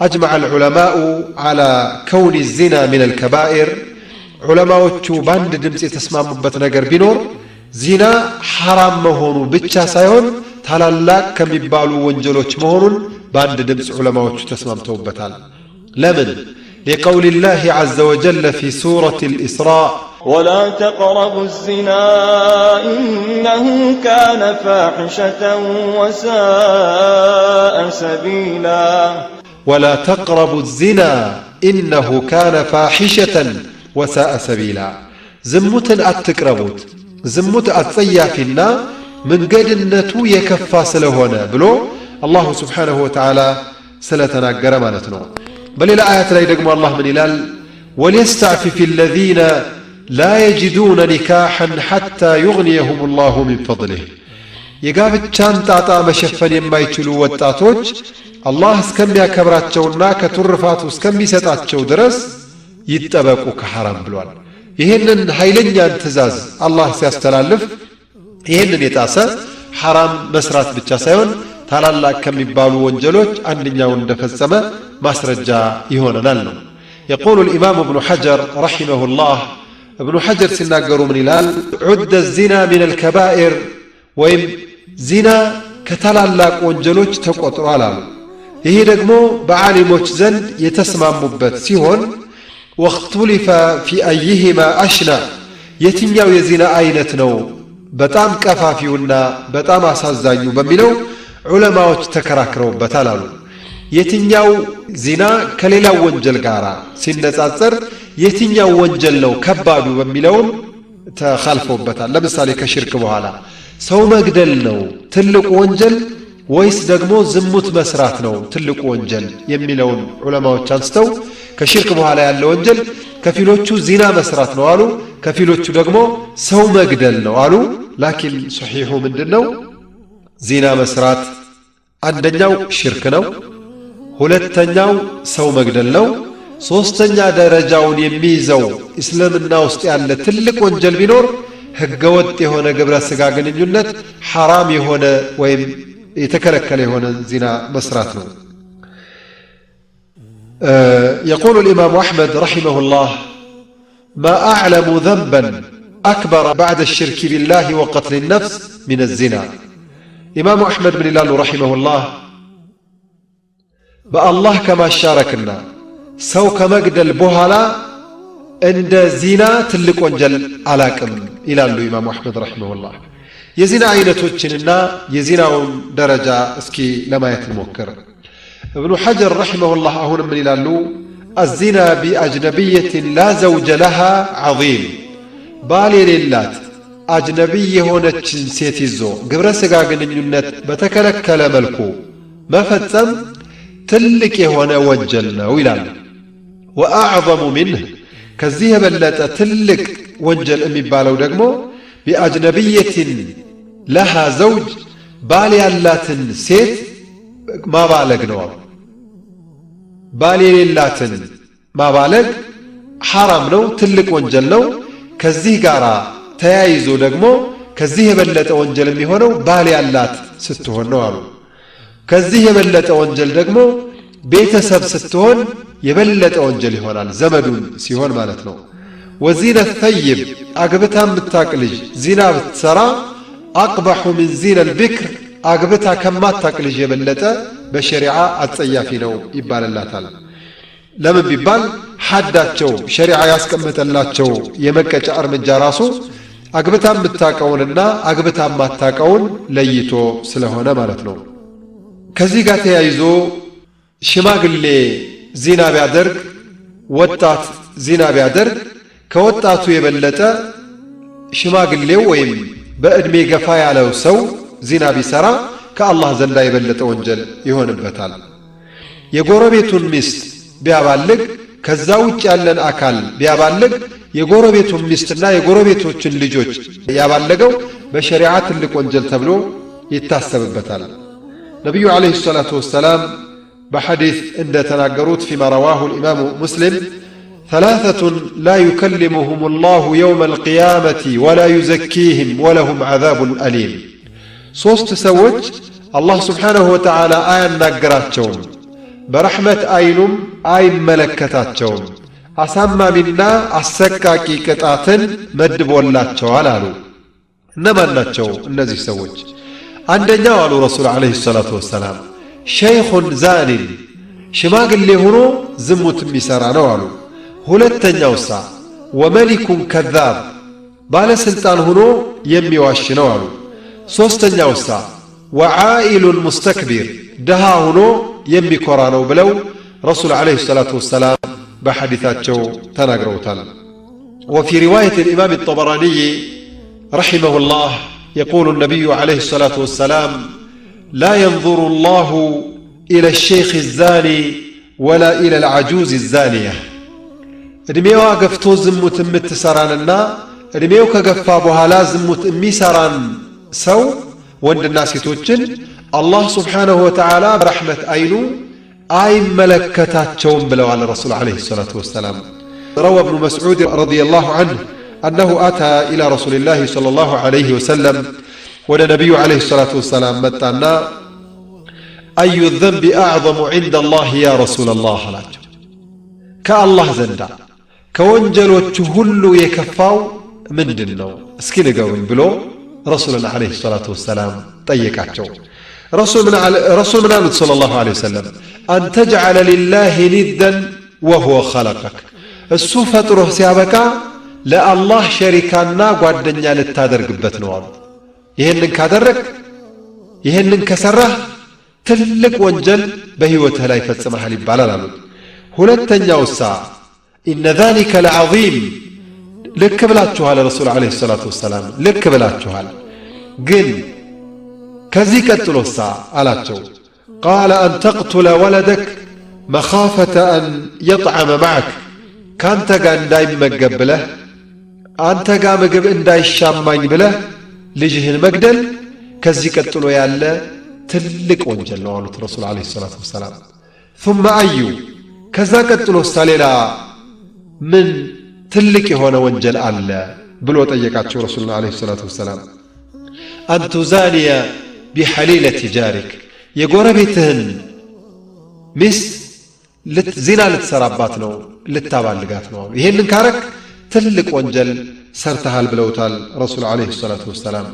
أجمع العلماء على كون الزنا من الكبائر علماء باند دمس تسمى مبتنا بنور زنا حرام مهون بيتشا سايون تلالا كم يبالو ونجلوش مهون باند دمس علماء تسمى مبتنا لمن لقول الله عز وجل في سورة الإسراء ولا تقربوا الزنا إنه كان فاحشة وساء سبيلاً ወላ ተቅረቡ ዚና ኢነሁ ካነ ፋሒሸተን ወሳአ ሰቢላ። ዝሙትን አትቅረቡት ዝሙት አጸያፊና መንገድነቱ የከፋ ስለሆነ ብሎ አላሁ ስብሓነሁ ወተዓላ ስለተናገረ ማለት ነው። በሌላ አያት ላይ ደግሞ አላህ ምን ይላል? ወልየስተዕፊፍ አለዚነ ላ የጅዱነ ኒካሐን ሐታ ዩግኒየሁም አላሁ ሚን ፈድሊህ። የጋብቻን ጣጣ መሸፈን የማይችሉ ወጣቶች አላህ እስከሚያከብራቸውና ከቱርፋቱ እስከሚሰጣቸው ድረስ ይጠበቁ ከሐራም ብሏል። ይህንን ኃይለኛን ትዕዛዝ አላህ ሲያስተላልፍ ይህንን የጣሰ ሐራም መስራት ብቻ ሳይሆን ታላላቅ ከሚባሉ ወንጀሎች አንደኛውን እንደፈጸመ ማስረጃ ይሆነናል ነው። የቁሉ ልኢማሙ እብኑ ሐጀር ረሒመሁላህ እብኑ ሐጀር ሲናገሩ ምን ይላል? ዑደ ዚና ምን አልከባኢር ወይም ዚና ከታላላቅ ወንጀሎች ተቆጥሯል አሉ። ይሄ ደግሞ በዓሊሞች ዘንድ የተስማሙበት ሲሆን ወኽቱሊፈ ፊ አይህማ አሽና የትኛው የዚና አይነት ነው በጣም ቀፋፊውና በጣም አሳዛኙ በሚለው ዑለማዎች ተከራክረውበታል አሉ። የትኛው ዚና ከሌላው ወንጀል ጋር ሲነጻጸር የትኛው ወንጀል ነው ከባዱ በሚለውም ተኻልፎበታል። ለምሳሌ ከሽርክ በኋላ ሰው መግደል ነው ትልቁ ወንጀል ወይስ ደግሞ ዝሙት መስራት ነው ትልቁ ወንጀል የሚለውን ዑለማዎች አንስተው ከሽርክ በኋላ ያለ ወንጀል ከፊሎቹ ዚና መስራት ነው አሉ፣ ከፊሎቹ ደግሞ ሰው መግደል ነው አሉ። ላኪን ሶሒሑ ምንድን ነው? ዚና መስራት አንደኛው ሽርክ ነው፣ ሁለተኛው ሰው መግደል ነው። ሦስተኛ ደረጃውን የሚይዘው እስልምና ውስጥ ያለ ትልቅ ወንጀል ቢኖር ሕገወጥ የሆነ ግብረ ሥጋ ግንኙነት ሐራም የሆነ ወይም የተከለከለ የሆነ ዚና መስራት ነው። የቁሉ ልኢማሙ አሕመድ ረሒመሁ ላህ ማ አዕለሙ ዘንበን አክበረ ባዕደ ሽርኪ ቢላህ ወቀትል ነፍስ ሚን ዚና። ኢማሙ አሕመድ ምን ይላሉ ረሒመሁ ላህ? በአላህ ከማሻረክና ሰው ከመግደል በኋላ እንደ ዚና ትልቅ ወንጀል አላቅም ይላሉ ኢማሙ አሕመድ ረሒመሁ ላህ። የዚና አይነቶችንና የዚናውን ደረጃ እስኪ ለማየት እንሞክር። እብኑ ሐጀር ረሒመሁላህ አሁን ምን ይላሉ? አዚና ቢአጅነቢየትን ላ ዘውጀ ለሃ ዐዚም ባል የሌላት አጅነቢይ የሆነችን ሴት ይዞ ግብረ ሥጋ ግንኙነት በተከለከለ መልኩ መፈጸም ትልቅ የሆነ ወንጀል ነው ይላሉ። ወአዕዘሙ ምንህ ከዚህ የበለጠ ትልቅ ወንጀል የሚባለው ደግሞ ቢአጅነቢየትን ለሃ ዘውጅ ባል ያላትን ሴት ማባለግ ነው። ባል የሌላትን ማባለግ ሐራም ነው፣ ትልቅ ወንጀል ነው። ከዚህ ጋር ተያይዞ ደግሞ ከዚህ የበለጠ ወንጀል የሚሆነው ባል ያላት ስትሆን ነው አሉ። ከዚህ የበለጠ ወንጀል ደግሞ ቤተሰብ ስትሆን የበለጠ ወንጀል ይሆናል፣ ዘመዱን ሲሆን ማለት ነው። ወዚነት ተይብ አግብታ የምታቅ ልጅ ዚና ብትሰራ አቅበሑ ምን ዚና ልብክር አግብታ ከማታቅ ልጅ የበለጠ በሸሪዓ አጸያፊ ነው ይባልላታል። ለምን ቢባል ሐዳቸው ሸሪዓ ያስቀመጠላቸው የመቀጫ እርምጃ ራሱ አግብታ የምታቀውንና አግብታ የማታቀውን ለይቶ ስለሆነ ማለት ነው። ከዚህ ጋር ተያይዞ ሽማግሌ ዚና ቢያደርግ፣ ወጣት ዚና ቢያደርግ ከወጣቱ የበለጠ ሽማግሌው ወይም በዕድሜ ገፋ ያለው ሰው ዚና ቢሰራ ከአላህ ዘንዳ የበለጠ ወንጀል ይሆንበታል። የጎረቤቱን ሚስት ቢያባልግ ከዛ ውጭ ያለን አካል ቢያባልግ የጎረቤቱን ሚስትና የጎረቤቶችን ልጆች ያባለገው በሸሪዓ ትልቅ ወንጀል ተብሎ ይታሰብበታል። ነቢዩ ዓለይሂ ሰላቱ ወሰላም በሐዲስ እንደተናገሩት ፊማ ረዋሁ ልኢማሙ ሙስሊም ተላተቱን ላ ዩከልሙሁም ላሁ የውመ አልቅያመቲ ወላ ዩዘኪህም ወለሁም ዓዛቡን አሊም። ሦስት ሰዎች አላህ ስብሓንሁ ወተዓላ አያናገራቸውም፣ በረሕመት ዐይኑም አይመለከታቸውም። አሳማሚና አሰቃቂ ቅጣትን መድቦላቸዋል አሉ። እነማን ናቸው እነዚህ ሰዎች? አንደኛው አሉ ረሱል ዓለይሂ ሰላቱ ወሰላም ሸይኹን ዛኒን ሽማግሌ ሆኖ ዝሙት የሚሠራ ነው አሉ ሁለተኛውሳ ወመሊኩም ከዛብ ባለሥልጣን ሆኖ የሚዋሽ ነው አሉ። ሦስተኛውሳ ወዓኢሉን ሙስተክቢር ድሃ ሆኖ የሚኮራ ነው ብለው ረሱል ዓለይሂ ሰላቱ ወሰላም በሐዲታቸው ተናግረውታል። ወፊ ሪዋየት ልኢማም ጠበራንይ رحمه الله يقول النبي عليه الصلاة والسلام لا ينظر الله إلى الشيخ الزاني ولا إلى العجوز الزانية እድሜዋ ገፍቶ ዝሙት የምትሠራንና እድሜው ከገፋ በኋላ ዝሙት የሚሠራን ሰው ወንድና ሴቶችን አላህ ስብሓንሁ ወተዓላ በረሕመት ዐይኑ አይመለከታቸውም ብለዋል ረሱል ዓለይሂ ሰላቱ ወሰላም። ረወ እብኑ መስዑድ ረዲየላሁ ዐንሁ አነሁ አታ ኢላ ረሱሊላሂ ሰለላሁ ዐለይሂ ወሰለም ወደ ነቢዩ ዓለይሂ ሰላቱ ወሰላም መጣና አዩ ዘንቢ አዕዘሙ ዐንደ አላህ ያ ረሱለላህ አላቸው። ከአላህ ዘንዳ ከወንጀሎቹ ሁሉ የከፋው ምንድን ነው እስኪ ንገሩኝ ብሎ ረሱልና ዓለይሂ ሰላቱ ወሰላም ጠየቃቸው። ረሱል ምን አሉት? ሰለላሁ ዓለይሂ ወሰለም አን ተጅዓለ ሊላሂ ኒደን ወሁወ ኸለቀክ፣ እሱ ፈጥሮህ ሲያበቃ ለአላህ ሸሪካና ጓደኛ ልታደርግበት ነው አሉ። ይህንን ካደረግ ይህንን ከሠራህ ትልቅ ወንጀል በሕይወትህ ላይ ፈጽመሃል ይባላል አሉት። ሁለተኛው እሳ ኢነ ዛሊከ ለዓዚም ልክ ብላችኋል፣ ረሱል ዓለይሂ ሰላቱ ወሰላም ልክ ብላችኋል። ግን ከዚህ ቀጥሎሳ አላቸው። ቃለ አን ተቅቱለ ወለደክ መኻፈተ አን የጥዐመ ማዕክ ከአንተ ጋር እንዳይመገብ ብለህ አንተ ጋር ምግብ እንዳይሻማኝ ብለህ ልጅህን መግደል ከዚህ ቀጥሎ ያለ ትልቅ ወንጀል ነው አሉት ረሱል ዓለይሂ ሰላቱ ወሰላም። ثم አዩ ከዛ ቀጥሎሳ ሌላ ምን ትልቅ የሆነ ወንጀል አለ ብሎ ጠየቃቸው ረሱሉና ዓለይሂ ሰላቱ ወሰላም። አንቱዛኒየ ቢሐሊለቲ ጃሪክ የጎረቤትህን ሚስት ዚና ልትሰራባት ነው ልታባልጋት ነው አሉ። ይሄንን ካረክ ትልቅ ወንጀል ሰርተሃል ብለውታል ረሱል ዓለይሂ ሰላቱ ወሰላም።